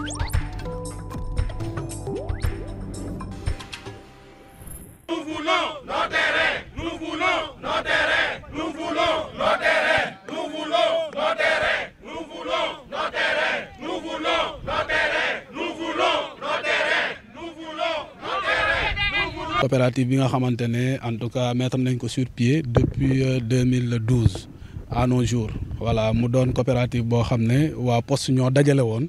Nous voulons nos terrains, nous voulons nos terrains, nous voulons nos terrains, nous voulons nos terrains, coopérative bi nga xamante ne en tout cas mettre nañ ko sur pied depuis 2012 euh, à nos jours voilà mu doon coopérative boo xam ne waa poste ñoo dajale woon.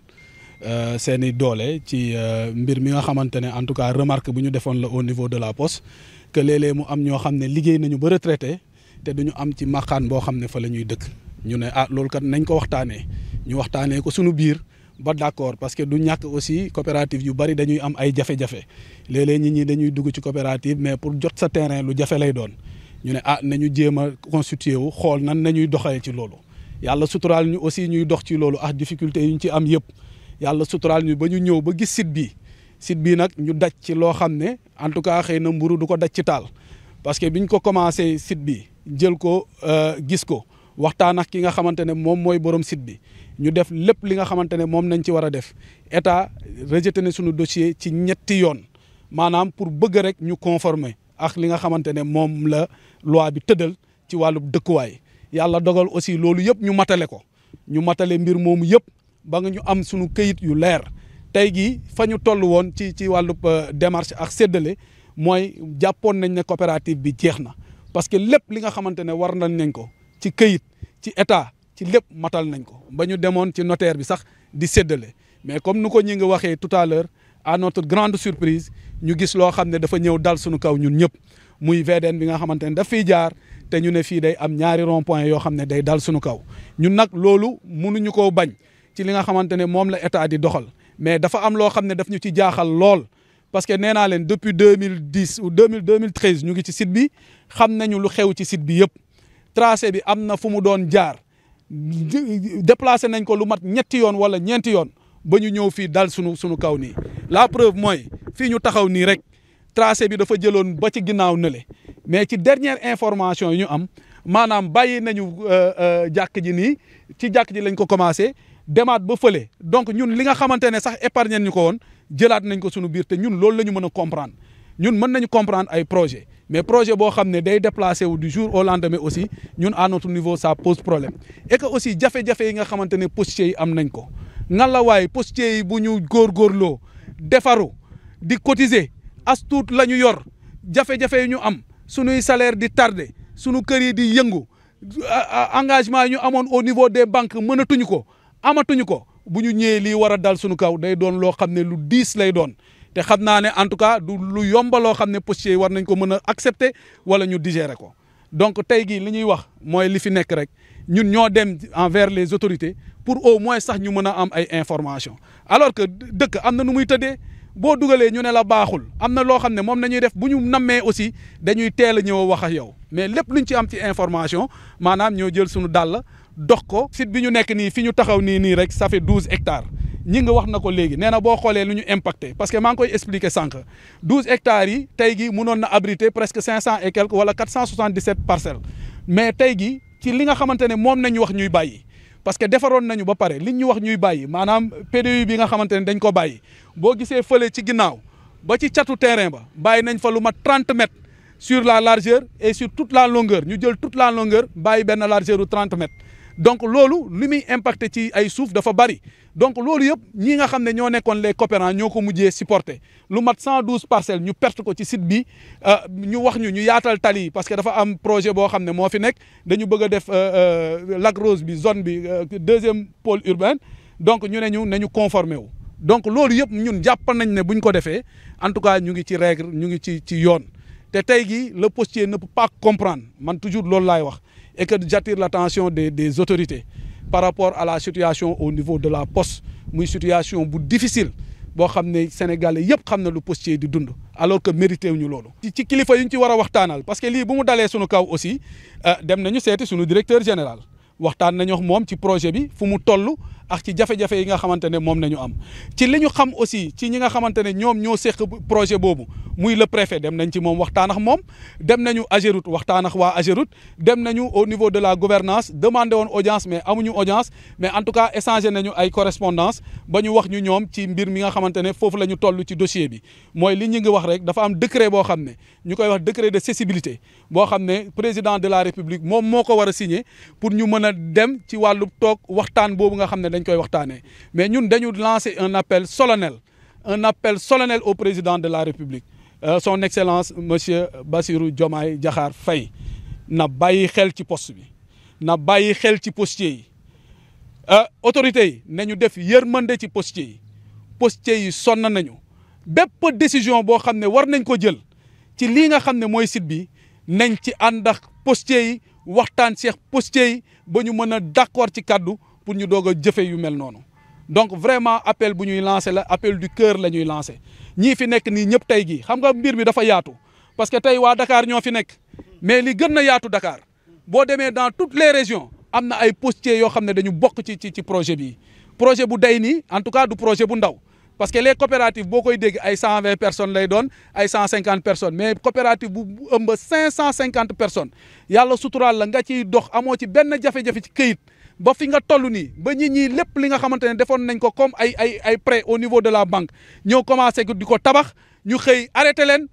Euh, seen i doole ci euh, mbir mi nga xamante ne en tout cas remarque bu ñu defoon la au niveau de la poste que léeg mu am ñoo xam ne liggéey nañu ba retraité te duñu am ci màqaan boo xam ne fa la ñuy dëkk ñu ne ah loolu kat nañ ko waxtaanee ñu waxtaanee ko suñu biir ba d'accord parce que du ñàkk aussi coopérative yu bari dañuy am ay jafe-jafe nit ñi dañuy dugg ci coopérative mais pour jot sa terrain lu jafe lay ñu ne ah nañu jéem a constitué wu xool nan nañuy doxalee ci loolu yàlla suturaal ñu aussi ñuy dox ci loolu ah difficulté yi ñu ci am yëpp yàlla suturaal bi ba ñu ñëw ba gis site bi site bi nag ñu daj ci loo xam ne en tout cas xëy na mburu du ko daj ci taal parce que ñu ko commencer site bi jël ko euh, gis ko waxtaan ak ki nga xamante ne moom mooy borom site bi ñu def lépp li nga xamante ne moom nañ ci war a def état rejeté na suñu dossier ci ñetti yoon maanaam pour bëgg rek ñu conformer ak li nga xamante ne moom la loi bi tëddal ci wàllu dëkkuwaay yàlla dogal aussi loolu yëpp ñu matale ko ñu matale mbir moomu yëpp ba nga ñu am suñu këyit yu leer tey gi fa ñu toll woon ci ci wàllu euh, démarche ak séddale mooy jàppoon nañ ne coopérative bi jeex na parce que lépp li nga xamante ne war nañ nañ ko ci këyit ci état ci lépp matal nañ ko ba ñu demoon ci notaire bi sax di séddale mais comme nu ko ñi ngi waxee tout à à notre grande surprise ñu gis loo xam ne dafa ñëw dal suñu kaw ñun ñëpp muy VDN bi nga xamante ne daf fiy jaar te ñu ne fii am ñaari rond yoo xam ne day dal suñu kaw ñun nag loolu mënuñu ko bañ ci li nga xamante ne moom la état di doxal mais dafa am loo xam ne daf ñu ci jaaxal lool parce que nee naa leen depuis deux mille dix ou deux mille deux mille treize ñu ngi ci site bi xam nañu lu xew ci site bi yëpp trace bi am na fu mu doon jaar déplacé nañ ko lu mat ñetti yoon wala ñeenti yoon ba ñu ñëw fii dal sunu sunu kaw nii la preuve mooy fii ñu taxaw nii rek trace bi dafa jëloon ba ci ginnaaw nële mais ci dernière information yi ñu am maanaam bàyyi nañu euh, euh, jàkk ji nii ci jàkk ji lañ ko commencé demaat ba fële donc ñun li nga xamante ne sax épargne ñu ko woon jëlaat nañ ko sunu biir te ñun loolu la ñu mën a comprendre ñun mën nañu comprendre ay projet mais projet boo xam ne day déplacé wu du jour au lendemain aussi ñun à notre niveau ça pose problème et que aussi jafe-jafe yi nga xamante ne postiers yi am nañ ko nga la waay postiers yi bu ñu góorgóorloo defaru di cotiser as tuut la ñu yor jafe-jafe yi ñu am suñuy salaire di tardé sunu kër yi di yëngu engagement ñu amoon au niveau des banques mënatuñu ko amatuñu ko bu ñu ñëwee lii war a dal suñu kaw day doon loo xam ne lu diis lay doon te xam naa ne en tout cas du lu yomba loo xam ne postiers war nañ ko mën a accepter wala ñu digérer ko donc tey gii li ñuy wax mooy li fi nekk rek ñun ñoo dem envers les autorités pour au moins sax ñu mën a am ay information alors que dëkk am na nu muy tëddee boo dugalee ñu ne la baaxul am na loo xam ne moom nañuy def bu ñu nammee aussi dañuy teel a ñëw wax ak yow mais lépp luñ ci am ci information maanaam ñoo jël suñu dàll dox ko site bi ñu nekk nii fi ñu taxaw nii nii rek ça fait douze hectares ñi nga wax na ko léegi nee na boo xoolee lu ñu impacté parce que maa ngi koy expliqué sànq douze hectares yi tey gi munoon na abriter presque cinq cent et quelque wala quatre cent soixante dix sept parcelles mais tey gi ci li nga xamante ne moom nañu wax ñuy bàyyi parce que defaroon nañu ba pare li ñu wax ñuy bàyyi maanaam PDU bi nga xamante ne dañ ko bàyyi boo gisee fële ci ginnaaw ba ci catu terrain ba bàyyi nañ fa lu mat trente mètres sur la largeur et sur toute ñu jël toute la longueur bàyyi benn largeur u trente mètres donc loolu li muy impacté ci ay suuf dafa bari donc loolu yëpp ñi nga xam ne ñoo nekkoon les coopérants ñoo ko mujjee supporté lu mat cent douze parcelles ñu perte ko ci site bi euh, ñu wax ñu ñu yaatal tali yi parce que dafa am projet boo xam ne moo fi nekk dañu bëgg a def euh, euh, Lac Rose bi zone bi deuxième pole urbain donc ñu ne ñu nañu conformé wu donc loolu yëpp ñun jàpp nañ ne buñ ko defee en tout cas ñu ngi ci règle ñu ngi ci ci yoon te tey gi le postier ne peut pas comprendre man toujours loolu laay wax et que j'attire l'attention des des autorités par rapport à la situation au niveau de la poste muy situation bu difficile boo xam ne sénégalais yëpp xam na lu postier di dund alors que mérité wuñu loolu. ci kilifa yu ñu ci war a waxtaanal parce que lii bu mu dalee sunu kaw aussi euh, dem nañu seeti suñu directeur général waxtaan nañu moom ci projet bi fu mu tollu ak ci jafe-jafe yi nga xamante ne moom nañu am ci li ñu xam aussi ci ñi nga xamante ne ñoom ñoo séq projet boobu muy le préfet dem nañ ci moom waxtaan ak moom dem nañu Ageroute waxtaan ak waa Ageroute dem nañu au niveau de la gouvernance demandé woon audience mais amuñu audience mais en tout cas échangé nañu ay correspondance ba ñu wax ñu ñoom ci mbir mi nga xamante ne foofu la ñu toll ci dossier bi mooy li ñu ngi wax rek dafa am décret boo xam ne ñu koy wax décret de cessibilité boo xam ne président de la république moom moo ko war a signer pour ñu mën a dem ci toog waxtaan boobu nga xam ne dañ koy waxtaanee mais ñun dañu lancer un appel solonel un appel solennel au président de la République euh, son excellence monsieur Bassirou Diomaye Diakhar fay na bàyyi xel ci post bi na bàyyi xel ci postier yi euh, autorités yi na ñu def yërmande ci postier yi postier yi sonn nañu bépp décision boo xam ne war nañ ko jël ci lii nga xam ne mooy site bi nañ ci ànd ak postier yi waxtaan seex postier yi ba ñu mën a d'accord ci kaddu pour ñu doog a jëfe yu mel noonu donc vraiment appel bu ñuy lancé la appel du cœur la ñuy lancé ñii fi nekk nii ñëpp tey jii xam nga mbir mi dafa yaatu parce que tey waa Dakar ñoo fi nekk mais li gën na yaatu Dakar boo demee dans toutes les régions am na ay postiers yoo xam ne dañu bokk ci ci ci projet bi projet bu day nii en tout cas du projet bu ndaw parce que les coopératives boo koy dégg ay cent vingt personnes lay doon ay cent cinquante personnes mais coopérative bu ëmb cinq cent cinquante personnes yàlla suturaal la nga ciy dox amoo ci benn jafe ci këyit ba fi nga toll nii ba ñi ñii lépp li nga xamante ne defoon nañ ko comme ay ay ay au niveau de la banque ñoo commencé di ko tabax ñu xëy arrêté leen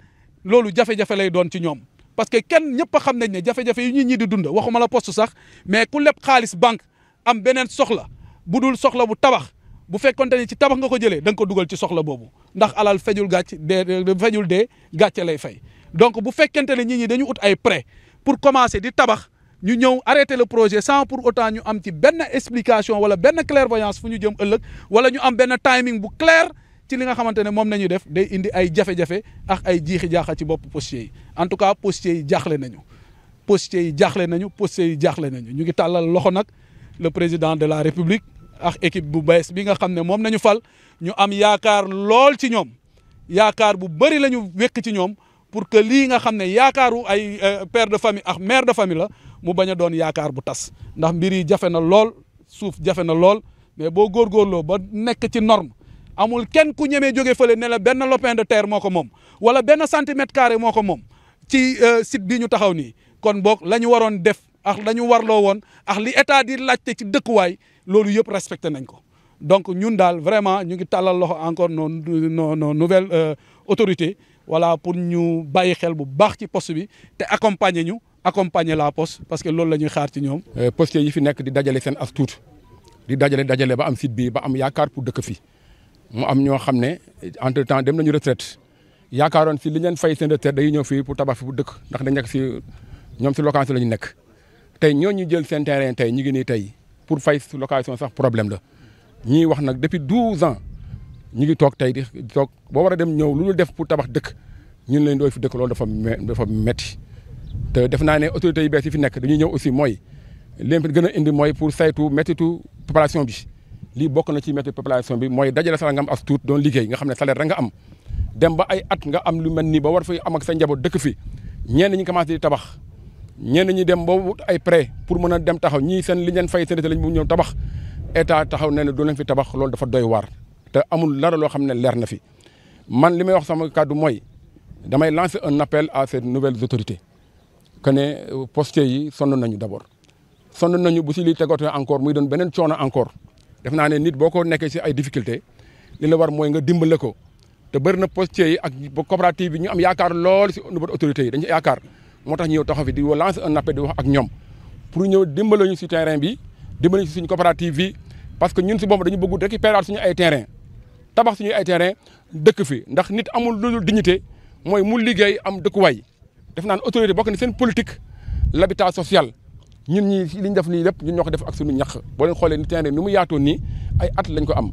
loolu jafe-jafe lay doon ci ñoom parce que kenn ñëpp xam nañ ne jafe-jafe yu ñii ñi di dund waxuma la poste sax mais ku leb xaalis banque am beneen soxla bu dul soxla bu tabax bu fekkonte ni ci tabax nga ko jëlee da nga ko dugal ci soxla boobu ndax alal fejul gàcc de fejul dee gàcce lay fay donc bu fekkente ne ñit ñi dañu ut ay prêt pour commencer di tabax ñu ñëw arrêter le projet sans pour autant ñu am ci benn explication wala benn clairvoyance fu ñu jëm ëllëg wala ñu am benn timing bu clair ci li nga xamante ne moom nañu def day indi ay jafe-jafe ak ay jiixi jaaxa ci bopp postier yi en tout cas postier yi jaaxle nañu postier yi jaaxle nañu postier yi jaaxle nañu ñu ngi tàllal loxo nag le président de la république ak équipe bu bees bi nga xam ne moom nañu fal ñu am yaakaar lool ci ñoom yaakaar bu bëri la ñu wekk ci ñoom pour que lii nga xam ne yaakaaru ay euh, père de famille ak mère de famille la mu bañ a doon yaakaar bu tas ndax mbir yi jafe na lool suuf jafe na lool mais boo góorgóorloo ba nekk ci norme amul kenn ku ñemee jóge fële ne la benn lopin de terre moo ko moom wala benn centimètre carré moo ko moom ci euh, site bi ñu taxaw nii kon boog la ñu waroon def ak la ñu warloo woon ak li état di laajte ci dëkkuwaay loolu yëpp respecté nañ ko donc ñun daal vraiment ñu ngi tàllal loxo encore nos nos nos nouvelles euh, autorités voilà pour ñu bàyyi xel bu baax ci poste bi te accompagner ñu. accompagner la poste parce que lool la ñuy xaar ci ñoom. Euh, postiers yi fi nekk di dajale seen as di dajale dajale ba am si bii ba am yaakaar pour dëkk fi mu am ñoo xam ne entre temps dem nañu retraite yaakaaroon si li ngeen fay seen retraite day ñëw fii pour tabax fi pour dëkk ndax dañ nekk si ñoom si location la ñu nekk. tey ñoo ñooñu jël seen terrain tey ñu ngi nii tey pour fay si location sax problème la ñuy wax nag depuis douze ans ñu ngi toog tey di toog boo war a dem ñëw lu ñu def pour tabax dëkk ñun lañ doon fi dëkk loolu dafa dafa te def naa ne autorité yu bees yi fi nekk dañuy ñëw aussi mooy leen gën a indi mooy pour saytu méttitu population bi lii bokk na ci méttitu population bi mooy dajale sala nga am doon liggéey nga xam ne salaire am dem ba ay at nga am lu mel nii ba war fay am ak sa njaboot dëkk fi ñenn ñi commencé di tabax ñenn ñi dem ba wut ay près pour mën a dem taxaw ñii seen li leen fay seen lañ mu ñëw tabax état taxaw ne ne doon leen fi tabax loolu dafa doy war te amul lara loo xam ne leer na fi man li may wax sama kàddu mooy damay lancer un appel à ces nouvelles autorités que ne euh, postier yi sonn nañu d' abord sonn nañu bu si lii tegootee encore muy doon beneen coono encore def naa ne nit boo ko nekkee si ay difficulté li la war mooy nga dimbale ko te bëri na postier yi ak coopérative bi ñu am yaakaar lool si niveau autorités yi dañu yaakaar moo tax ñëw taxaw fi di lancer un appel di wax ak ñoom pour ñëw dimbale ñu si terrain bi dimbale ñu si suñu coopérative bi parce que ñun si boobu dañu bëgg récupérer ñu ay terrain tabax suñu ay terrain dëkk fi ndax nit amul di dul dignité mooy mu liggéey am dëkkuwaay def naan autorité bokk na seen politique l'habitat social ñun ñi li ñu def nii lépp ñun ñoo ko def ak suñu ñax boo leen xoolee ni terrain ni mu yaatoon ni ay at lañ ko am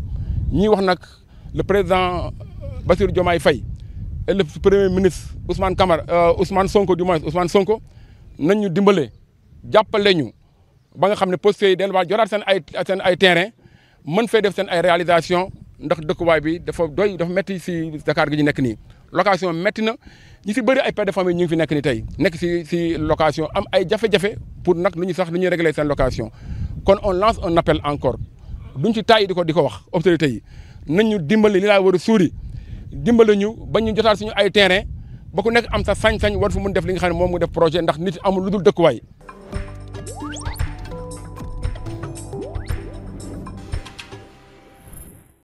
ñii wax nag le président Bassirou Diomaye fay et le premier ministre Ousmane Camara euh, Ousmane Sonko du moins Ousmane Sonko nañ ñu dimbale jàppale ñu ba nga xam ne postes yi delluwaat joraat seen ay seen ay terrain mën fay def seen ay réalisation ndax dëkkuwaay bi dafa doy dafa metti si Dakar gi ñu nekk nii location métti na ñu si bëri ay pères de famille ñu ngi fi nekk ni tey nekk si si location am ay jafe-jafe pour nag lu ñu sax lu ñuy régler seen location kon on lance on appel encore duñ si taay di ko di ko wax autorités yi nañ ñu dimbali li laa war a suuri dimbali ñu ba ñu jotaat suñu ay terrain ba ku nekk am sa sañ-sañ war fu mun def li nga xam ne moom mu def projet ndax nit amul lu dul dëkkuwaay.